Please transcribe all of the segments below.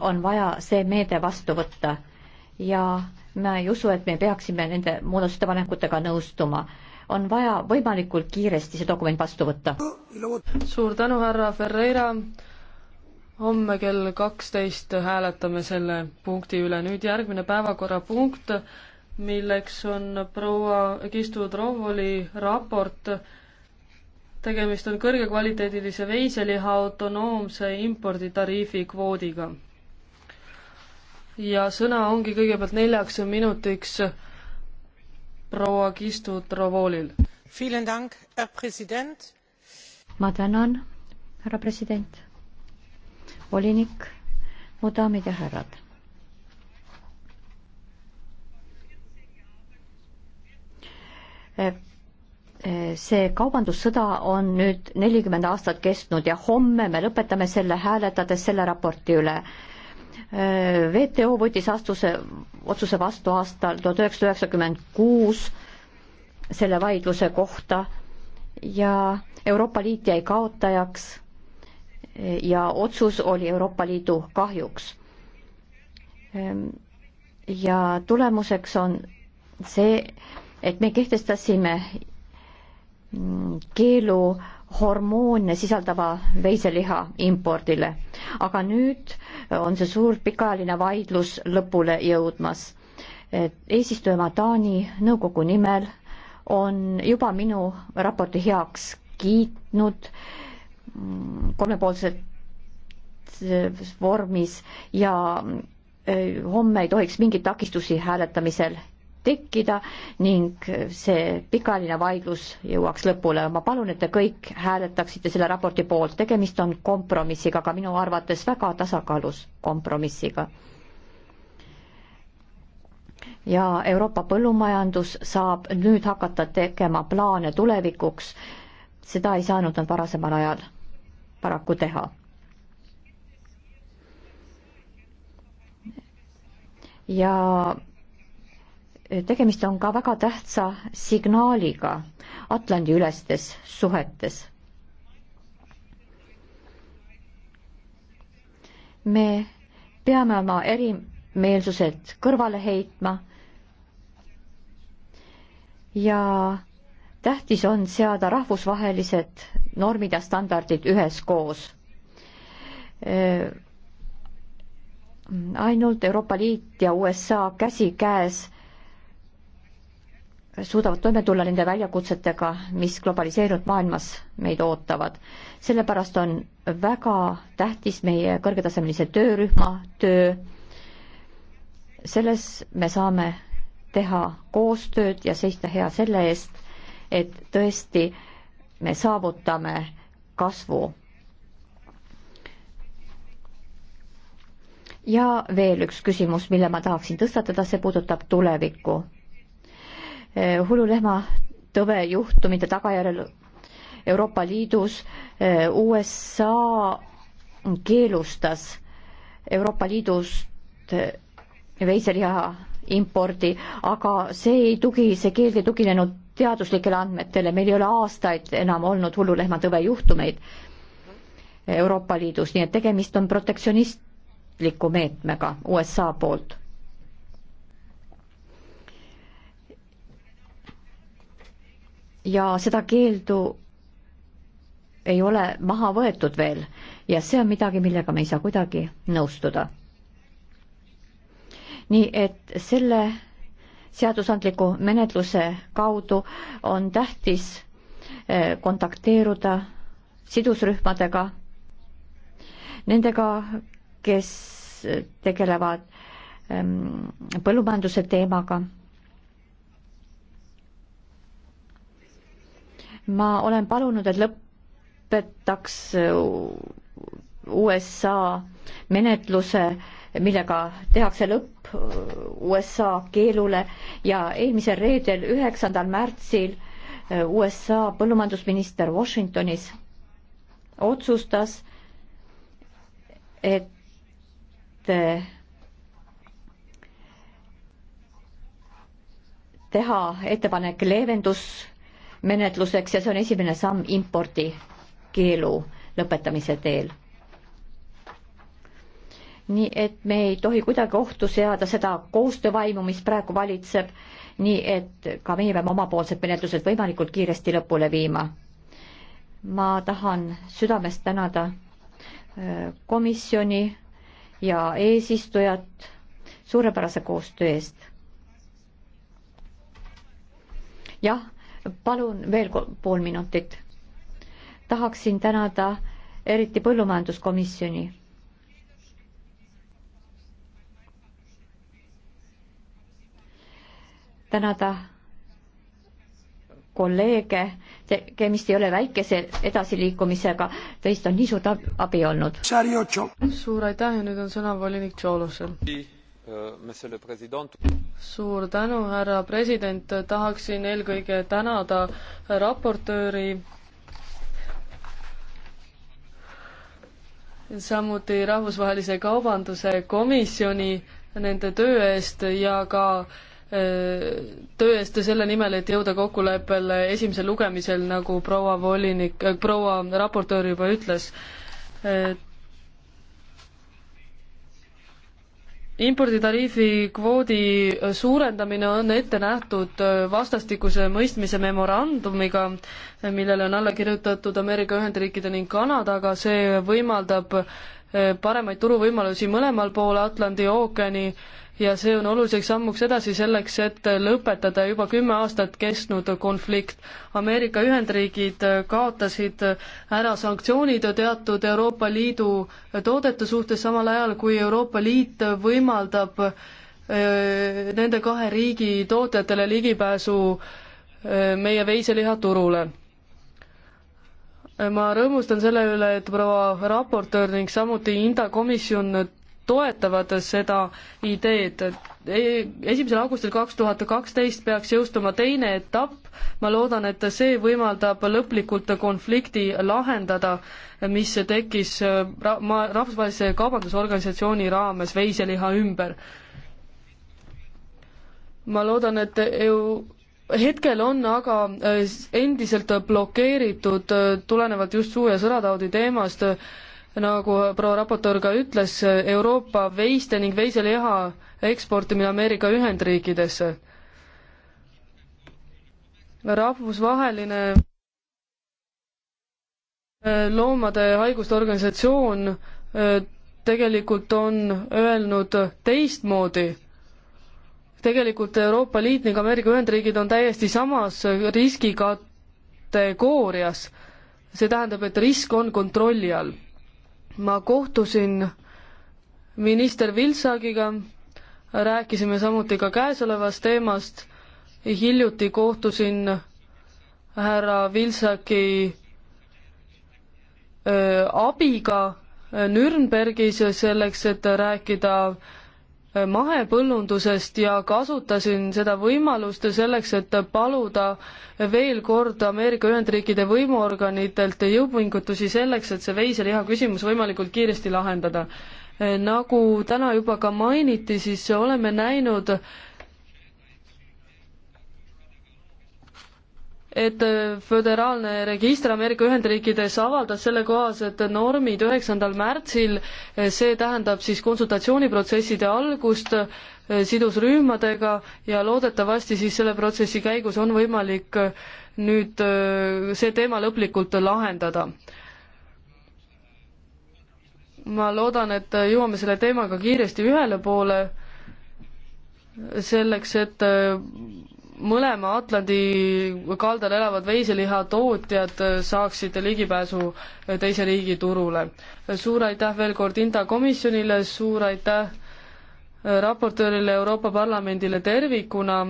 on vaja see meede vastu võtta ja ma ei usu, et me peaksime nende muudatusettepanekutega nõustuma. on vaja võimalikult kiiresti see dokument vastu võtta. suur tänu, härra Ferreira. homme kell kaksteist hääletame selle punkti üle. nüüd järgmine päevakorrapunkt, milleks on proua Kistu Trovoli raport tegemist on kõrgekvaliteedilise veiseliha autonoomse imporditariifi kvoodiga. ja sõna ongi kõigepealt neljaks minutiks proua Kistu Trovolil. ma tänan, härra president, volinik, mu daamid ja härrad Eh, see kaubandussõda on nüüd nelikümmend aastat kestnud ja homme me lõpetame selle hääletades selle raporti üle. Eh, WTO võttis astuse, otsuse vastu aastal tuhat üheksasada üheksakümmend kuus selle vaidluse kohta ja Euroopa Liit jäi kaotajaks eh, ja otsus oli Euroopa Liidu kahjuks. Ehm, ja tulemuseks on see, et me kehtestasime Mm, keelu hormoone sisaldava veiseliha impordile. aga nüüd on see suur pikaajaline vaidlus lõpule jõudmas. eesistujamaa Taani nõukogu nimel on juba minu raporti heaks kiitnud mm, kolmepoolses vormis ja mm, homme ei tohiks mingeid takistusi hääletamisel tekkida ning see pikaline vaidlus jõuaks lõpule. ma palun, et te kõik hääletaksite selle raporti poolt, tegemist on kompromissiga, aga minu arvates väga tasakaalus kompromissiga. ja Euroopa põllumajandus saab nüüd hakata tegema plaane tulevikuks, seda ei saanud nad varasemal ajal paraku teha ja tegemist on ka väga tähtsa signaaliga Atlandi-ülestes suhetes. me peame oma erimeelsused kõrvale heitma ja tähtis on seada rahvusvahelised normid ja standardid üheskoos ainult Euroopa Liit ja USA käsikäes suudavad toime tulla nende väljakutsetega, mis globaliseerunud maailmas meid ootavad. sellepärast on väga tähtis meie kõrgetasemelise töörühma töö. selles me saame teha koostööd ja seista hea selle eest, et tõesti me saavutame kasvu. ja veel üks küsimus, mille ma tahaksin tõstatada, see puudutab tulevikku Eh, hullulehma tõve juhtumite tagajärjel Euroopa Liidus eh, USA keelustas Euroopa Liidust eh, veiseliha impordi, aga see ei tugi, see keeld ei tuginenud teaduslikele andmetele, meil ei ole aastaid enam olnud hullulehmatõve juhtumeid Euroopa Liidus, nii et tegemist on protektsionistliku meetmega USA poolt ja seda keeldu ei ole maha võetud veel ja see on midagi, millega me ei saa kuidagi nõustuda. nii et selle seadusandliku menetluse kaudu on tähtis eh, kontakteeruda sidusrühmadega, nendega, kes tegelevad ehm, põllumajanduse teemaga ma olen palunud, et lõpetaks USA menetluse, millega tehakse lõpp USA keelule ja eelmisel reedel, üheksandal märtsil USA põllumajandusminister Washingtonis otsustas, et teha ettepanek leevendus menetluseks ja see on esimene samm impordi keelu lõpetamise teel. nii et me ei tohi kuidagi ohtu seada seda koostöövaimu, mis praegu valitseb, nii et ka meie peame omapoolsed menetlused võimalikult kiiresti lõpule viima. ma tahan südamest tänada äh, komisjoni ja eesistujat suurepärase koostöö eest. jah palun veel pool minutit. tahaksin tänada eriti põllumajanduskomisjoni. tänada kolleege, tegemist ei ole väikese edasiliikumisega, teist on nii suurt abi olnud. suur aitäh ja nüüd on sõna volinik Tšolosel. Euh, suur tänu, härra president, tahaksin eelkõige tänada raportööri, samuti Rahvusvahelise Kaubanduse Komisjoni nende töö eest ja ka äh, töö eest selle nimel, et jõuda kokkuleppele esimesel lugemisel, nagu proua volinik, äh, proua raportöör juba ütles et äh, imporditariifi kvoodi suurendamine on ette nähtud vastastikuse mõistmise memorandumiga, millele on alla kirjutatud Ameerika Ühendriikide ning Kanadaga, see võimaldab eh, paremaid turuvõimalusi mõlemal pool Atlandi ookeani ja see on oluliseks sammuks edasi selleks, et lõpetada juba kümme aastat kestnud konflikt. Ameerika Ühendriigid kaotasid ära sanktsioonid teatud Euroopa Liidu toodete suhtes, samal ajal kui Euroopa Liit võimaldab eh, nende kahe riigi tootjatele ligipääsu eh, meie veiselihaturule ma rõõmustan selle üle, et proua raportöör ning samuti Inda komisjon toetavad seda ideed. E, esimesel augustil kaks tuhat kaksteist peaks jõustuma teine etapp. ma loodan, et see võimaldab lõplikult konflikti lahendada, mis tekkis ra-, ma-, Rahvusvahelise Kaubandusorganisatsiooni raames veiseliha ümber. ma loodan, et EU hetkel on aga e, endiselt blokeeritud tulenevalt just suu- ja sõrataudi teemast nagu proua raportöör ka ütles, Euroopa veiste ning veiseliha eksportimine Ameerika Ühendriikidesse. rahvusvaheline äh, loomade haiguste organisatsioon äh, tegelikult on öelnud teistmoodi. tegelikult Euroopa Liit ning Ameerika Ühendriigid on täiesti samas riskikategoorias. see tähendab, et risk on kontrolli all ma kohtusin minister Vilsagiga, rääkisime samuti ka käesolevast teemast, hiljuti kohtusin härra Vilsaki äh, abiga Nürnbergis selleks, et rääkida mahepõllundusest ja kasutasin seda võimalust selleks, et paluda veel kord Ameerika Ühendriikide võimuorganitelt jõupingutusi selleks, et see veiseliha küsimus võimalikult kiiresti lahendada. nagu täna juba ka mainiti, siis oleme näinud, et äh, föderaalne register Ameerika Ühendriikides avaldas sellekohased normid üheksandal märtsil, see tähendab siis konsultatsiooniprotsesside algust äh, sidusrühmadega ja loodetavasti siis selle protsessi käigus on võimalik äh, nüüd see teema lõplikult lahendada. ma loodan, et jõuame selle teemaga kiiresti ühele poole, selleks et mõlema Atlandi kaldal elavad veiselihatootjad saaksid ligipääsu teise riigi turule. suur aitäh veel kord Inda komisjonile, suur aitäh raportöörile Euroopa Parlamendile tervikuna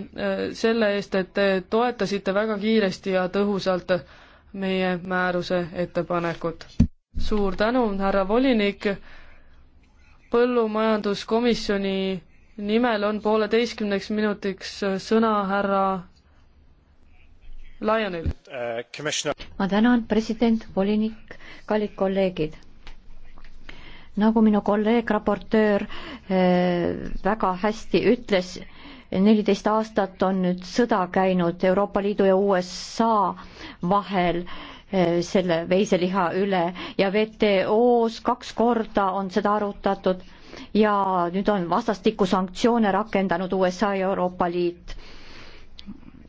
selle eest, et te toetasite väga kiiresti ja tõhusalt meie määruse ettepanekut. suur tänu, härra volinik, põllumajanduskomisjoni nimel on pooleteistkümneks minutiks äh, sõna härra Lionel. Äh, ma tänan, president, volinik, kallid kolleegid. nagu minu kolleeg, raportöör äh, väga hästi ütles, neliteist aastat on nüüd sõda käinud Euroopa Liidu ja USA vahel selle veiseliha üle ja WTO-s kaks korda on seda arutatud ja nüüd on vastastikku sanktsioone rakendanud USA ja Euroopa Liit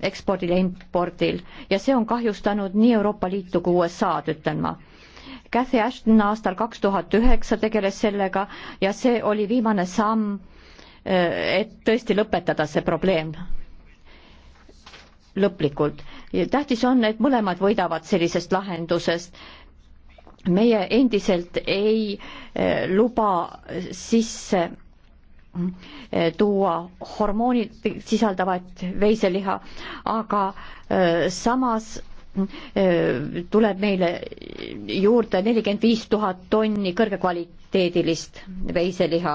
ekspordil ja impordil ja see on kahjustanud nii Euroopa Liitu kui USA-d, ütlen ma. Cathy Ashton aastal kaks tuhat üheksa tegeles sellega ja see oli viimane samm, eh, et tõesti lõpetada see probleem lõplikult. tähtis on, et mõlemad võidavad sellisest lahendusest meie endiselt ei eh, luba sisse eh, tuua hormoonid sisaldavat veiseliha, aga eh, samas tuleb meile juurde nelikümmend viis tuhat tonni kõrgekvaliteedilist veiseliha.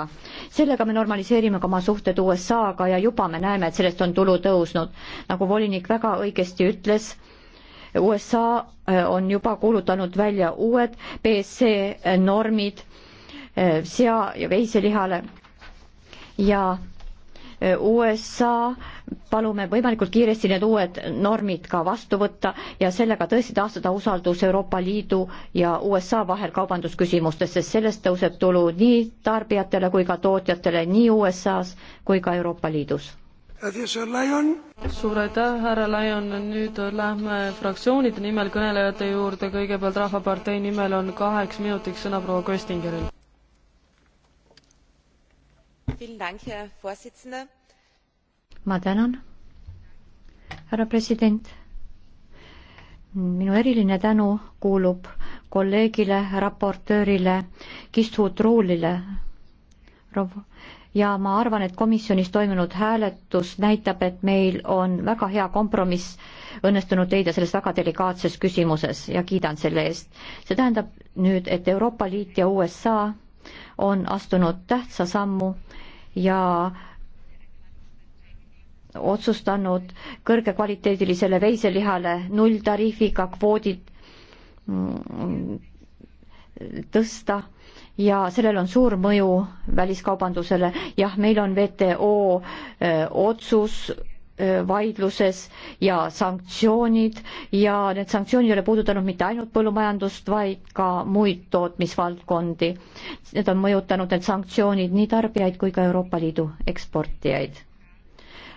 sellega me normaliseerime ka oma suhted USA-ga ja juba me näeme, et sellest on tulu tõusnud. nagu volinik väga õigesti ütles, USA äh, on juba kuulutanud välja uued BSC normid äh, sea- ja veiselihale ja äh, USA palume võimalikult kiiresti need uued normid ka vastu võtta ja sellega tõesti taastada usaldus Euroopa Liidu ja USA vahel kaubandusküsimustes, sest sellest tõuseb tulu nii tarbijatele kui ka tootjatele nii USA-s kui ka Euroopa Liidus suur aitäh, härra Laion, nüüd lähme fraktsioonide nimel kõnelejate juurde, kõigepealt Rahvapartei nimel on kaheks minutiks sõna proua Köstingeril. ma tänan, härra president. minu eriline tänu kuulub kolleegile, raportöörile Kistu Truulile ja ma arvan, et komisjonis toimunud hääletus näitab, et meil on väga hea kompromiss õnnestunud leida selles väga delikaatses küsimuses ja kiidan selle eest. see tähendab nüüd, et Euroopa Liit ja USA on astunud tähtsa sammu ja otsustanud kõrgekvaliteedilisele veiselihale nulltariifiga kvoodid mm, tõsta ja sellel on suur mõju väliskaubandusele. jah, meil on WTO äh, otsus äh, vaidluses ja sanktsioonid ja need sanktsioonid ei ole puudutanud mitte ainult põllumajandust, vaid ka muid tootmisvaldkondi. Need on mõjutanud, need sanktsioonid, nii tarbijaid kui ka Euroopa Liidu eksportijaid.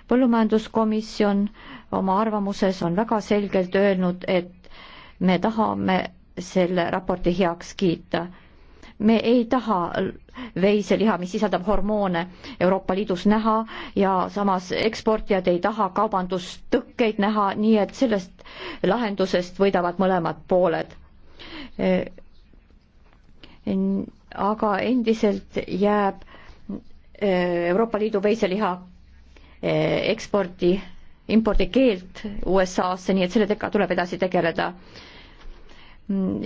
põllumajanduskomisjon oma arvamuses on väga selgelt öelnud, et me tahame selle raporti heaks kiita me ei taha veiseliha, mis sisaldab hormoone Euroopa Liidus näha ja samas eksportijad ei taha kaubandustõkkeid näha, nii et sellest lahendusest võidavad mõlemad pooled. aga endiselt jääb eh, Euroopa Liidu veiseliha eh, ekspordi, impordi keeld USA-sse, nii et selle tekka tuleb edasi tegeleda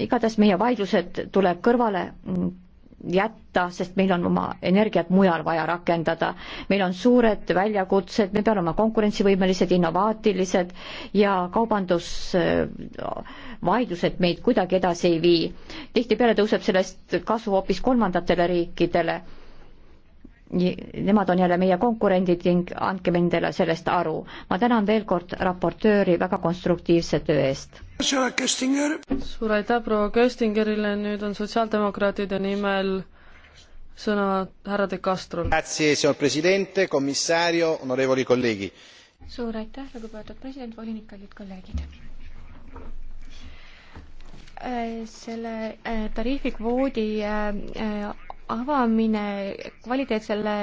igatahes meie vaidlused tuleb kõrvale jätta, sest meil on oma energiat mujal vaja rakendada. meil on suured väljakutsed, me peame olema konkurentsivõimelised, innovaatilised ja kaubandusvaidlused äh, meid kuidagi edasi ei vii. tihtipeale tõuseb sellest kasu hoopis kolmandatele riikidele nemad on jälle meie konkurendid ning andkem endale sellest aru. ma tänan veel kord raportööri väga konstruktiivse töö eest. suur aitäh proua Köstingerile, nüüd on sotsiaaldemokraatide nimel sõna härra De Castrol. suur aitäh, lugupeetud president, volinik, kallid kolleegid äh, selle äh, tariifikvoodi äh, avamine kvaliteetsele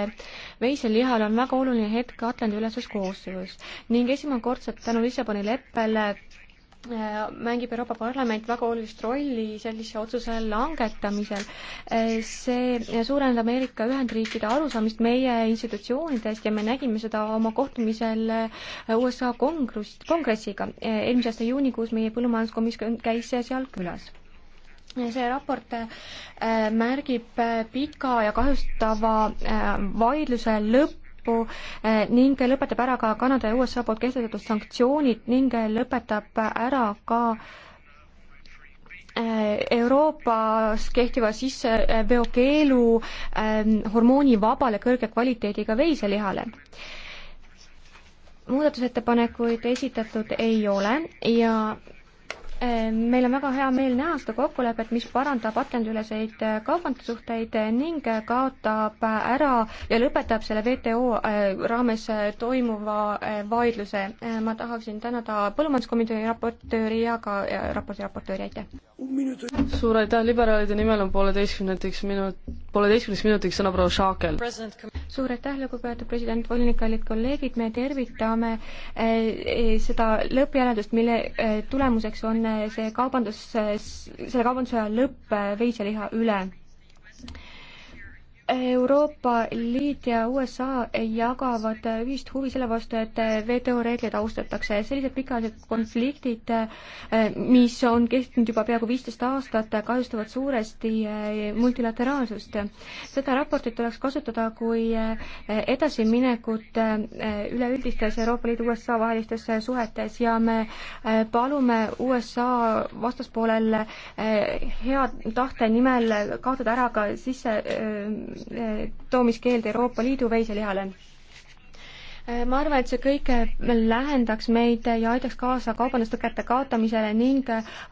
veiselihale on väga oluline hetk Atlandi-üleses koostöös ning esmakordselt tänu Lissaboni leppele äh, mängib Euroopa Parlament väga olulist rolli sellise otsuse langetamisel. Äh, see suurendab Ameerika Ühendriikide arusaamist meie institutsioonidest ja me nägime seda oma kohtumisel äh, USA kongress, kongressiga. eelmise aasta juunikuus meie põllumajanduskomisjon käis seal külas see raport äh, märgib äh, pika ja kahjustava äh, vaidluse lõppu ning lõpetab ära ka Kanada ja USA poolt kehtestatud sanktsioonid ning lõpetab ära ka Euroopas kehtiva sisseveokeelu ähm, hormoonivabale kõrge kvaliteediga veiselihale muudatusettepanekuid esitatud ei ole ja Ehm, meil on väga hea meel näha seda kokkulepet, mis parandab Atlandi-üleseid eh, kaubandussuhteid eh, ning eh, kaotab ära ja lõpetab selle WTO raames toimuva vaidluse. ma tahaksin tänada põllumajanduskomitee raportööri ja ka raporti raportööri, aitäh! suur aitäh, liberaalide nimel on pooleteistkümnetiks minut, pooleteistkümneks minutiks sõna proua Šaakel. suur aitäh, lugupeetud president, volinik, kallid kolleegid, me tervitame seda lõppjäreldust, mille tulemuseks on see kaubandus, selle kaubandussõja lõpp veiseliha üle Euroopa Liit ja USA jagavad ühist huvi selle vastu, et WTO reegleid austatakse. sellised pikaajalised konfliktid, mis on kestnud juba peaaegu viisteist aastat, kahjustavad suuresti multilateraalsust. seda raportit tuleks kasutada kui edasiminekut üleüldistes Euroopa Liidu USA vahelistes suhetes ja me palume USA vastaspoolel hea tahte nimel kaotada ära ka sisse sissetoomiskeeld Euroopa Liidu veiselihale ma arvan, et see kõik lähendaks meid ja aitaks kaasa kaubandustõkete kaotamisele ning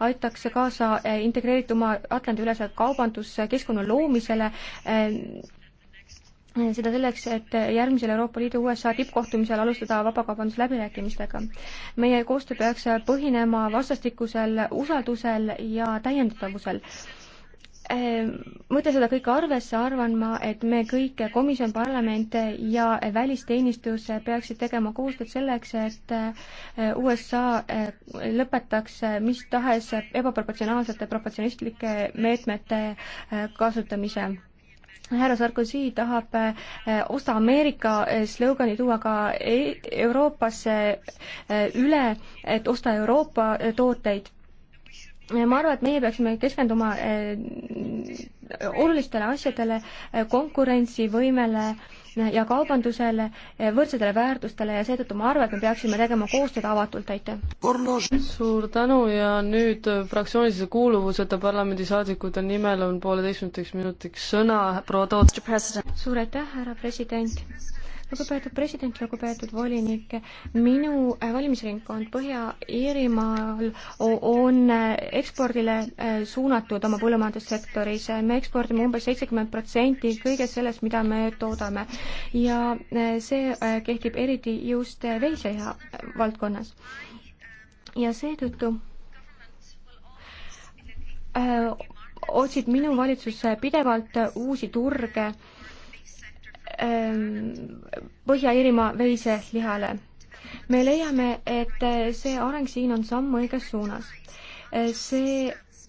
aitaks kaasa integreerituma Atlandi-ülese kaubanduskeskkonna loomisele, seda selleks, et järgmisel Euroopa Liidu USA tippkohtumisel alustada vabakaubandusläbirääkimistega. meie koostöö peaks põhinema vastastikusel usaldusel ja täiendatavusel Ehm, võttes seda kõike arvesse, arvan ma, et me kõik, komisjon, parlament ja välisteenistus peaksid tegema koostööd selleks, et eh, USA eh, lõpetaks eh, mis tahes ebaproportsionaalsete proportsionistlike meetmete kasutamise härra Sarkozy tahab osta Ameerika slogani tuua ka e-, Euroopasse üle, et osta Euroopa tooteid ma arvan, et meie peaksime keskenduma eh, olulistele asjadele, eh, konkurentsivõimele eh, ja kaubandusele, võrdsetele väärtustele ja seetõttu ma arvan, et me peaksime tegema koostööd avatult, aitäh! suur tänu ja nüüd fraktsioonilise kuuluvuseta parlamendisaadikute nimel on pooleteistkümneks minutiks sõna proua Toots. suur aitäh, härra president! lugupeetud president, lugupeetud volinik, minu äh, valimisringkond Põhja-Iirimaal on äh, ekspordile äh, suunatud oma põllumajandussektoris. me ekspordime umbes seitsekümmend protsenti kõigest sellest, mida me toodame. ja see kehtib eriti just veiseliha valdkonnas. ja seetõttu otsib minu valitsus pidevalt uusi turge Ähm, Põhja-Iirimaa veiselihale. me leiame, et see areng siin on samm õiges suunas. Äh, see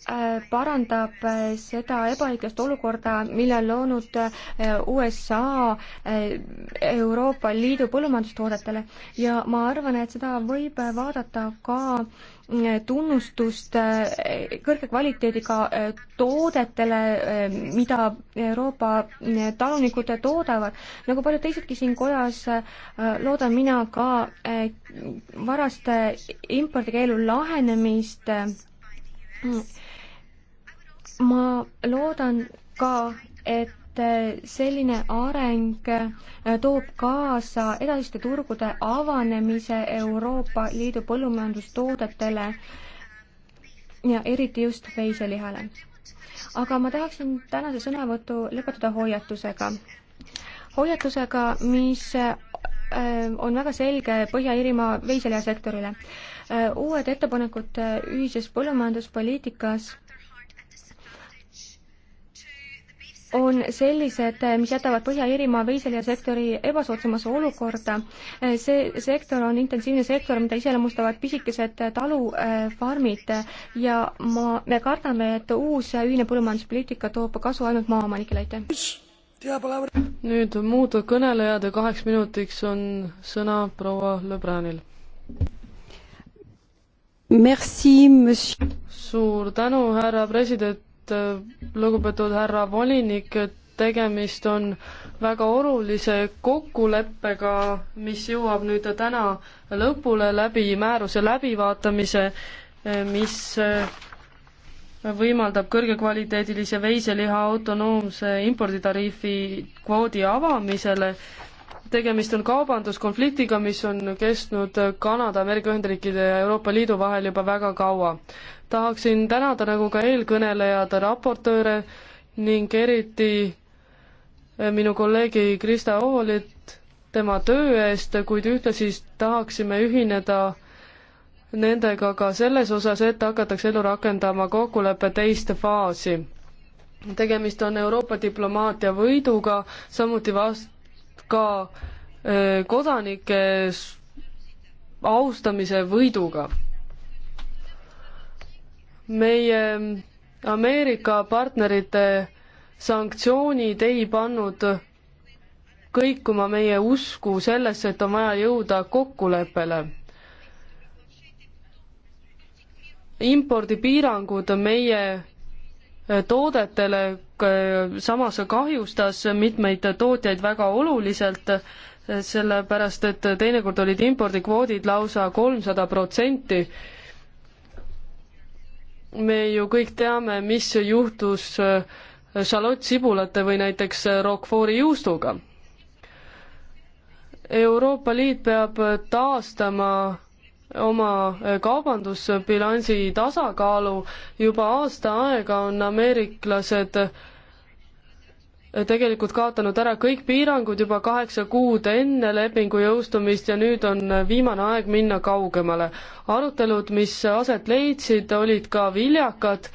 Äh, parandab äh, seda ebaõiglast olukorda, mille on loonud äh, USA Euroopa Liidu põllumajandustoodetele ja ma arvan, et seda võib vaadata ka tunnustust kõrge kvaliteediga toodetele, mida Euroopa talunikud toodavad. nagu paljud teisedki siin kojas, loodan mina ka varaste impordikeelu lahenemist ma loodan ka, et selline areng toob kaasa edasiste turgude avanemise Euroopa Liidu põllumajandustoodetele ja eriti just veiselihale. aga ma tahaksin tänase sõnavõtu lõpetada hoiatusega. hoiatusega, mis äh, on väga selge Põhja-Iirimaa veiselihasektorile. Äh, uued ettepanekud ühises põllumajanduspoliitikas on sellised, mis jätavad Põhja-Iirimaa veiseljasektori ebasoodsamasse olukorda. see sektor on intensiivne sektor, mida iseloomustavad pisikesed talufarmid ja ma, me kardame, et uus ühine põllumajanduspoliitika toob kasu ainult maaomanikele, aitäh. nüüd muud kõnelejad ja kaheks minutiks on sõna proua Lõbranil. Merci, monsieur. suur tänu, härra president et äh, lugupeetud härra volinik, tegemist on väga olulise kokkuleppega, mis jõuab nüüd täna lõpule läbi määruse läbivaatamise, äh, mis äh, võimaldab kõrgekvaliteedilise veiseliha autonoomse imporditariifi kvoodi avamisele tegemist on kaubanduskonfliktiga, mis on kestnud Kanada, Ameerika Ühendriikide ja Euroopa Liidu vahel juba väga kaua. tahaksin tänada nagu ka eelkõnelejad, raportööre ning eriti eh, minu kolleegi Krista Oolit tema töö eest, kuid ühtlasi tahaksime ühineda nendega ka selles osas, et hakatakse ellu rakendama kokkuleppe teist faasi. tegemist on Euroopa diplomaatia võiduga, samuti vast-, et ka kodanike austamise võiduga. meie Ameerika partnerite sanktsioonid ei pannud kõikuma meie usku sellesse, et on vaja jõuda kokkuleppele. impordipiirangud meie toodetele, samas kahjustas mitmeid tootjaid väga oluliselt, sellepärast et teinekord olid impordikvoodid lausa kolmsada protsenti. me ju kõik teame, mis juhtus šalottsibulate või näiteks Roquefort'i juustuga Euroopa Liit peab taastama oma äh, kaubandusbilansi tasakaalu. juba aasta aega on ameeriklased äh, tegelikult kaotanud ära kõik piirangud juba kaheksa kuud enne lepingu jõustumist ja nüüd on äh, viimane aeg minna kaugemale. arutelud, mis aset leidsid, olid ka viljakad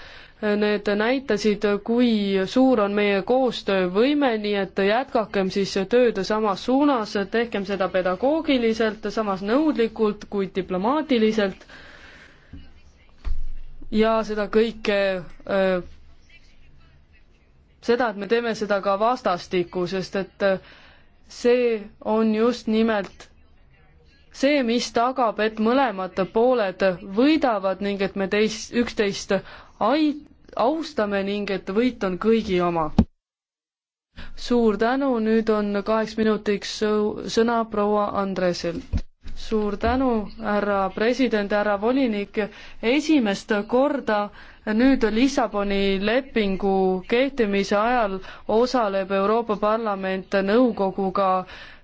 Need näitasid, kui suur on meie koostöövõime, nii et jätkakem siis tööd samas suunas, tehkem seda pedagoogiliselt, samas nõudlikult, kuid diplomaatiliselt. ja seda kõike seda, et me teeme seda ka vastastikku, sest et see on just nimelt see, mis tagab, et mõlemad pooled võidavad ning et me teist, üksteist ai-, austame ning et võit on kõigi oma. suur tänu, nüüd on kaheks minutiks sõna proua Andresilt. suur tänu, härra president, härra volinik, esimest korda nüüd Lissaboni lepingu kehtimise ajal osaleb Euroopa Parlament nõukoguga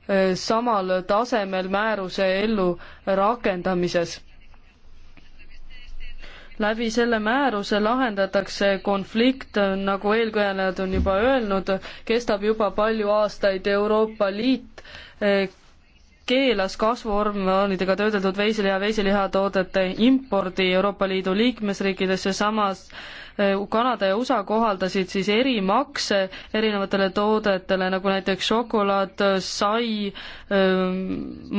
eh, samal tasemel määruse ellurakendamises läbi selle määruse lahendatakse konflikt, nagu eelkõnelejad on juba öelnud, kestab juba palju aastaid, Euroopa Liit eh, keelas kasvuhormoonidega töödeldud veiseliha, veiselihatoote impordi Euroopa Liidu liikmesriikidesse, samas eh, Kanada ja USA kohaldasid siis erimakse erinevatele toodetele, nagu näiteks šokolaad, sai, ehm,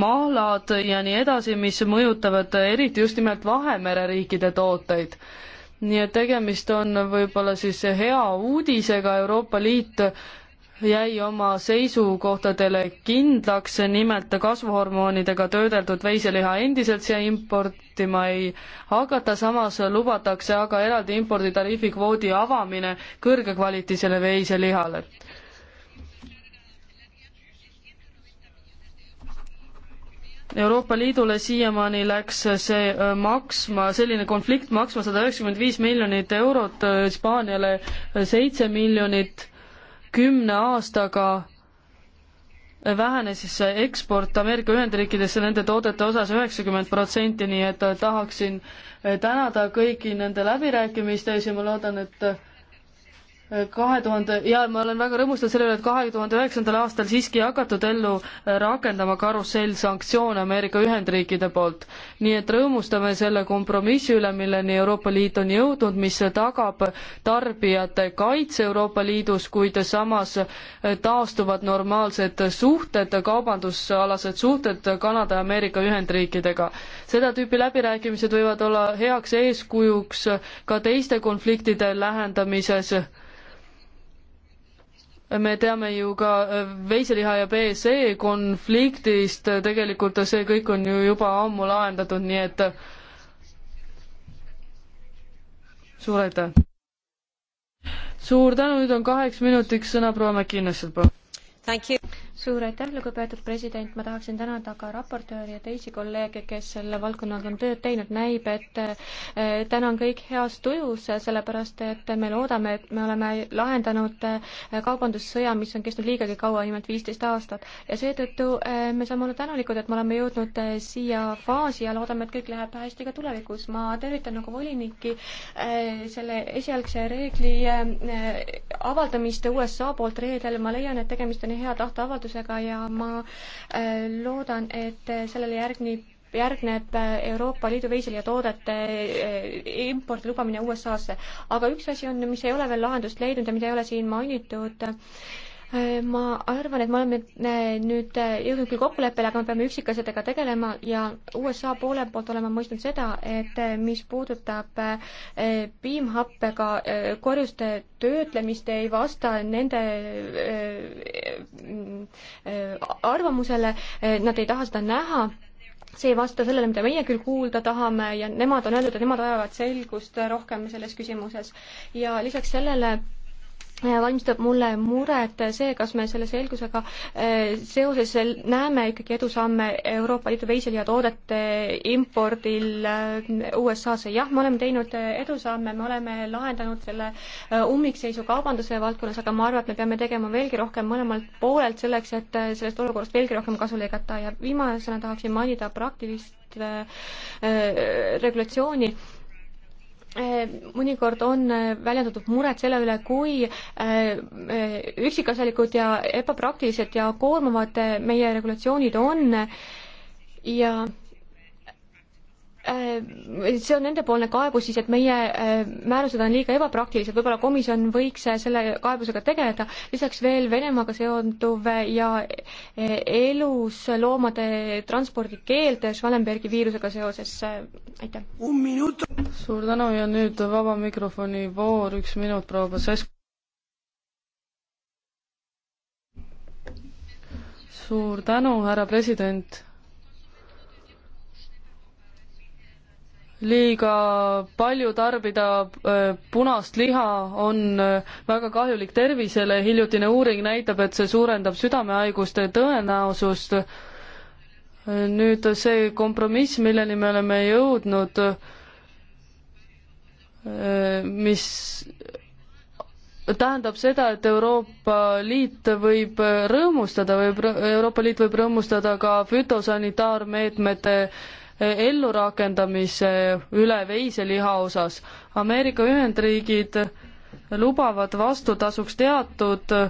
mahlad ja nii edasi, mis mõjutavad eriti just nimelt Vahemere riikide tooteid nii et tegemist on võib-olla siis hea uudisega, Euroopa Liit jäi oma seisukohtadele kindlaks, nimelt kasvuhormoonidega töödeldud veiseliha endiselt siia importima ei hakata, samas lubatakse aga eraldi imporditariifi kvoodi avamine kõrgekvaliteedisele veiselihale. Euroopa Liidule siiamaani läks see äh, maksma, selline konflikt maksma sada üheksakümmend viis miljonit eurot, äh, Hispaaniale äh, seitse miljonit kümne aastaga vähenes siis eksport Ameerika Ühendriikidesse nende toodete osas üheksakümmend protsenti, nii et tahaksin tänada kõigi nende läbirääkimiste ees ja ma loodan, et kahe tuhande ja ma olen väga rõõmustatud selle üle, et kahe tuhande üheksandal aastal siiski ei hakatud ellu äh, rakendama karussellsanktsioone Ameerika Ühendriikide poolt. nii et rõõmustame selle kompromissi üle, milleni Euroopa Liit on jõudnud, mis tagab tarbijate kaitse Euroopa Liidus, kuid samas äh, taastuvad normaalsed suhted, kaubandusalased suhted Kanada ja Ameerika Ühendriikidega. seda tüüpi läbirääkimised võivad olla heaks eeskujuks ka teiste konfliktide lähendamises me teame ju ka äh, veiseliha ja BSE konfliktist, tegelikult see kõik on ju juba ammu lahendatud, nii et äh, suur aitäh! suur tänu, nüüd on kaheks minutiks sõna proua McInnesil, palun! suur aitäh, lugupeetud president, ma tahaksin tänada ka raportööri ja teisi kolleege, kes selle valdkonnaga on tööd teinud, näib, et eh, täna on kõik heas tujus, sellepärast et me loodame, et me oleme lahendanud eh, kaubandussõja, mis on kestnud liigagi kaua, nimelt viisteist aastat. ja seetõttu eh, me saame olla tänulikud, et me oleme jõudnud siia faasi ja loodame, et kõik läheb hästi ka tulevikus. ma tervitan nagu volinikki selle esialgse reegli avaldamist USA poolt reedel, ma leian, et tegemist on hea tahteavaldusega, valitsusega ja ma äh, loodan, et äh, sellele järgneb järgneb äh, Euroopa Liidu veiseleiatoodete impordi lubamine USA-sse. aga üks asi on, mis ei ole veel lahendust leidnud ja mida ei ole siin mainitud, ma arvan, et me oleme äh, nüüd äh, jõudnud küll kokkuleppele, aga me peame üksikasjadega tegelema ja USA poole poolt olema mõistnud seda, et äh, mis puudutab piimhappega korjuste töötlemist, ei vasta nende arvamusele, nad ei taha seda näha see ei vasta sellele, mida meie küll kuulda tahame ja nemad on öelnud, et nemad vajavad selgust rohkem selles küsimuses. ja lisaks sellele valmistab mulle muret see, kas me selle selgusega äh, seoses näeme ikkagi edusamme Euroopa Liidu veiselja toodete impordil äh, USA-sse. jah, me oleme teinud äh, edusamme, me oleme lahendanud selle ummikseisu kaubanduse valdkonnas, aga ma arvan, et me peame tegema veelgi rohkem mõlemalt poolelt selleks, et sellest olukorrast veelgi rohkem kasu lõigata ja viimasena tahaksin mainida praktilist regulatsiooni Äh, mõnikord on äh, väljendatud muret selle üle, kui äh, üksikasjalikud ja ebapraktilised ja koormavad meie regulatsioonid on ja Äh, see on nendepoolne kaebus siis, et meie äh, määrused on liiga ebapraktilised, võib-olla komisjon võiks äh, selle kaebusega tegeleda, lisaks veel Venemaaga seonduv ja elusloomade transpordi keeld Schmallenbergi viirusega seoses, aitäh. suur tänu ja nüüd vaba mikrofoni voor, üks minut, proua Pasesk. suur tänu, härra president liiga palju tarbida äh, punast liha on äh, väga kahjulik tervisele, hiljutine uuring näitab, et see suurendab südamehaiguste tõenäosust. nüüd see kompromiss, milleni me oleme jõudnud, äh, mis tähendab seda, et Euroopa Liit võib rõõmustada, võib, Euroopa Liit võib rõõmustada ka fütosanitaarmeetmete E, ellurakendamise üle veiseliha osas. Ameerika Ühendriigid lubavad vastutasuks teatud e,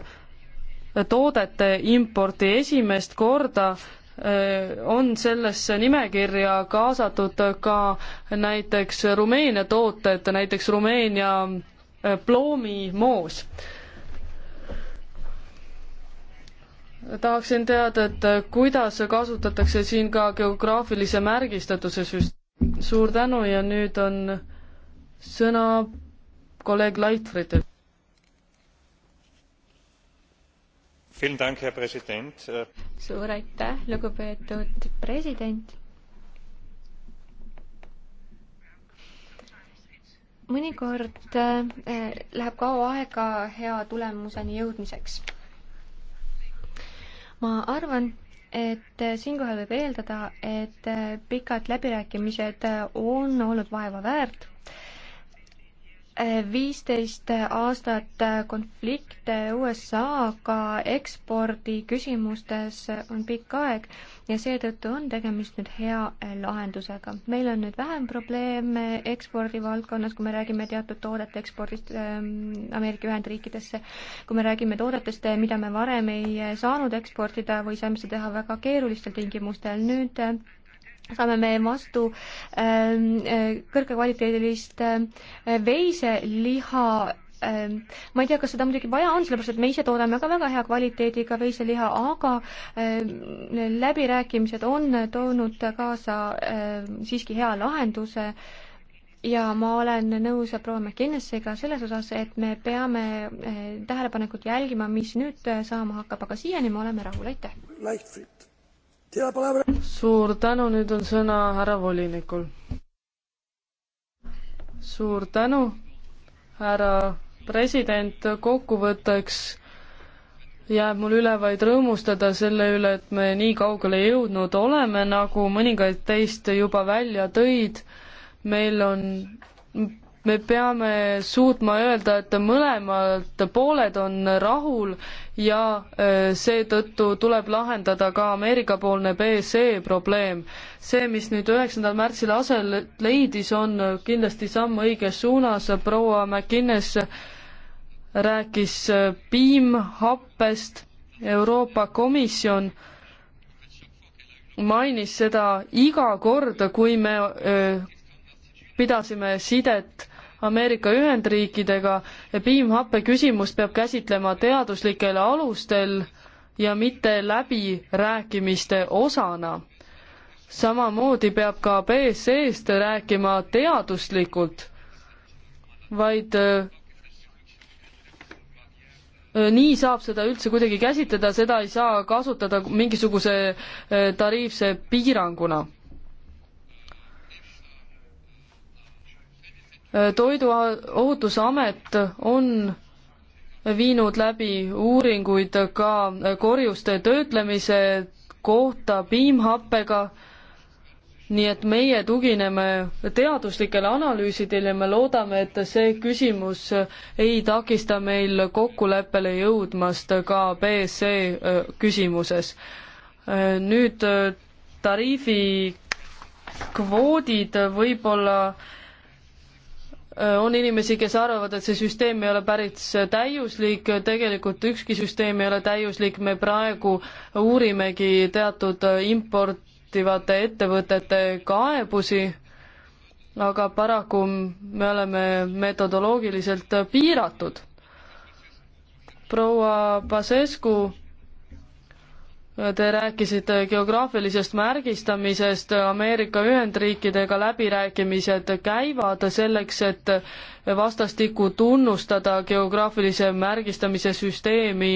toodete importi esimest korda e, on sellesse nimekirja kaasatud ka näiteks Rumeenia tooted, näiteks Rumeenia ploomimoos tahaksin teada, et kuidas kasutatakse siin ka geograafilise märgistatuse süst-. suur tänu ja nüüd on sõna kolleeg Leitfriedil. suur aitäh, lugupeetud president. mõnikord äh, läheb kaua aega hea tulemuseni jõudmiseks ma arvan, et äh, siinkohal võib eeldada, et äh, pikad läbirääkimised äh, on olnud vaeva väärt viisteist aastat konflikte USA-ga ekspordi küsimustes on pikk aeg ja seetõttu on tegemist nüüd hea lahendusega. meil on nüüd vähem probleeme ekspordi valdkonnas, kui me räägime teatud toodete ekspordist ähm, Ameerika Ühendriikidesse, kui me räägime toodetest, äh, mida me varem ei äh, saanud eksportida või saime seda teha väga keerulistel tingimustel, nüüd äh, saame me vastu ähm, äh, kõrgekvaliteedilist äh, veiseliha ähm, ma ei tea, kas seda muidugi vaja on, sellepärast et me ise toodame ka väga hea kvaliteediga veiseliha, aga ähm, läbirääkimised on toonud kaasa siiski hea lahenduse ja ma olen nõus proua McKinnesiga selles osas, et me peame äh, tähelepanekut jälgima, mis nüüd saama hakkab, aga siiani me oleme rahul, aitäh! suur tänu, nüüd on sõna härra volinikul. suur tänu, härra president, kokkuvõtteks jääb mul üle vaid rõõmustada selle üle, et me nii kaugele jõudnud oleme, nagu mõningaid teist juba välja tõid. meil on me peame suutma öelda, et mõlemad pooled on rahul ja äh, seetõttu tuleb lahendada ka Ameerika-poolne BSE probleem. see, mis nüüd üheksandal märtsil aset leidis, on kindlasti samm õiges suunas, proua McInnes rääkis äh, piimhappest, Euroopa Komisjon mainis seda iga kord, kui me öö, äh, pidasime sidet Ameerika Ühendriikidega ja piimhappe küsimust peab käsitlema teaduslikel alustel ja mitte läbirääkimiste osana. samamoodi peab ka BSE-st rääkima teaduslikult, vaid äh, nii saab seda üldse kuidagi käsitleda, seda ei saa kasutada mingisuguse äh, tariifse piiranguna Äh, toiduohutusamet on viinud läbi uuringuid ka äh, korjuste töötlemise kohta piimhappega, nii et meie tugineme teaduslikele analüüsidele ja me loodame, et see küsimus äh, ei takista meil kokkuleppele jõudmast ka BSE küsimuses. nüüd tariifikvoodid võib-olla äh, Äh, on inimesi, kes arvavad, et see süsteem ei ole päris täiuslik, tegelikult ükski süsteem ei ole täiuslik, me praegu uurimegi teatud äh, importivate ettevõtete kaebusi, aga paraku me oleme metodoloogiliselt piiratud. proua Pasescu Te rääkisite geograafilisest märgistamisest, Ameerika Ühendriikidega läbirääkimised käivad selleks, et vastastikku tunnustada geograafilise märgistamise süsteemi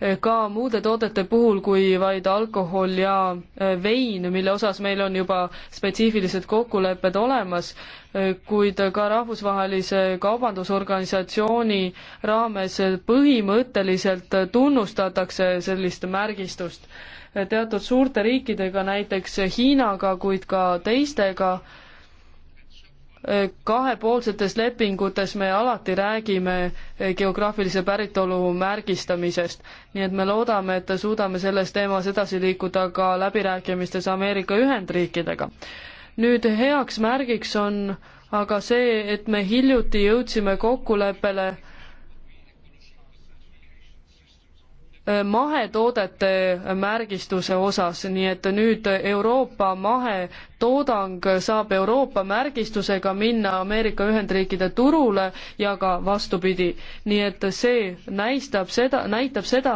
ka muude toodete puhul kui vaid alkohol ja äh, vein, mille osas meil on juba spetsiifilised kokkulepped olemas, äh, kuid ka Rahvusvahelise Kaubandusorganisatsiooni raames põhimõtteliselt tunnustatakse sellist märgistust. Äh, teatud suurte riikidega, näiteks Hiinaga, kuid ka teistega, kahepoolsetes lepingutes me alati räägime geograafilise päritolu märgistamisest, nii et me loodame, et suudame selles teemas edasi liikuda ka läbirääkimistes Ameerika Ühendriikidega. nüüd heaks märgiks on aga see, et me hiljuti jõudsime kokkuleppele Äh, mahetoodete märgistuse osas, nii et nüüd Euroopa mahetoodang saab Euroopa märgistusega minna Ameerika Ühendriikide turule ja ka vastupidi. nii et see näistab seda, näitab seda,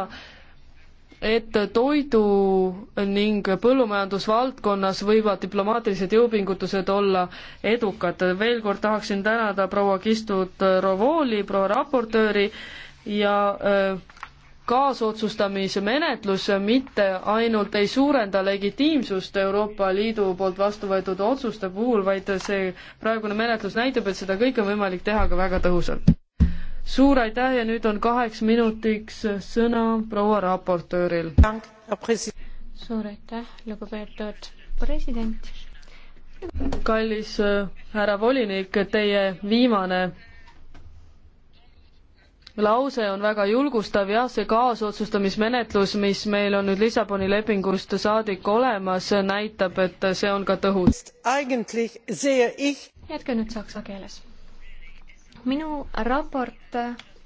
et toidu ning põllumajandusvaldkonnas võivad diplomaatilised jõupingutused olla edukad. veel kord tahaksin tänada proua Kistut Rovooli, proua raportööri ja öö, äh, kaasotsustamismenetlus mitte ainult ei suurenda legitiimsust Euroopa Liidu poolt vastu võetud otsuste puhul, vaid see praegune menetlus näitab, et seda kõike on võimalik teha ka väga tõhusalt. suur aitäh ja nüüd on kaheks minutiks sõna proua raportööril. suur aitäh, lugupeetud president. kallis äh, härra volinik, teie viimane lause on väga julgustav, jah, see kaasotsustamismenetlus, mis meil on nüüd Lissaboni lepingust saadik olemas, näitab, et see on ka tõhus. jätke nüüd saksa keeles. minu raport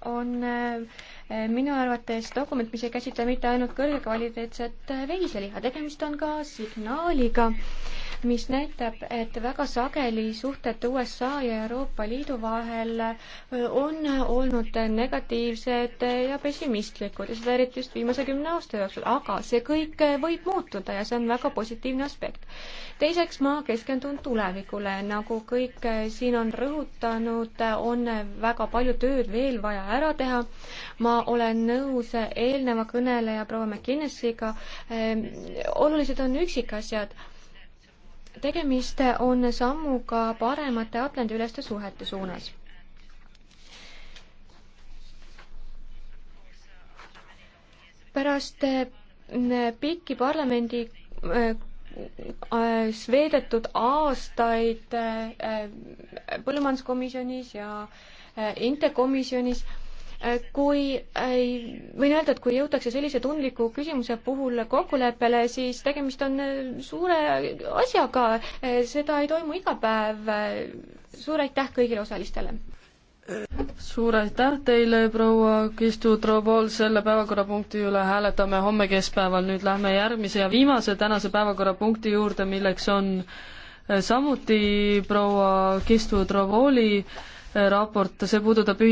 on eh, minu arvates dokument, mis ei käsitle mitte ainult kõrgekvaliteetset veiseliha, tegemist on ka signaaliga äh, mis näitab, et väga sageli suhted USA ja Euroopa Liidu vahel äh, on olnud negatiivsed ja pessimistlikud ja seda eriti just viimase kümne aasta jooksul, aga see kõik äh, võib muutuda ja see on väga positiivne aspekt. teiseks ma keskendun tulevikule, nagu kõik äh, siin on rõhutanud, on väga palju tööd veel vaja ära teha. ma olen nõus eelneva kõneleja proua McKinnesiga, olulised on üksikasjad tegemist on sammuga paremate Atlandi-üleste suhete suunas. pärast mm, pikki parlamendi mm, äh, veedetud aastaid äh, äh, põllumajanduskomisjonis ja Intekomisjonis äh, kui võin öelda, et kui jõutakse sellise tundliku küsimuse puhul kokkuleppele, siis tegemist on äh, suure asjaga, äh, seda ei toimu iga päev. Äh, suur aitäh kõigile osalistele! suur aitäh teile, proua Kristu Troobol, selle päevakorrapunkti üle hääletame homme keskpäeval, nüüd lähme järgmise ja viimase tänase päevakorrapunkti juurde, milleks on samuti proua Kristu Troobooli raport, see puudutab ühis-.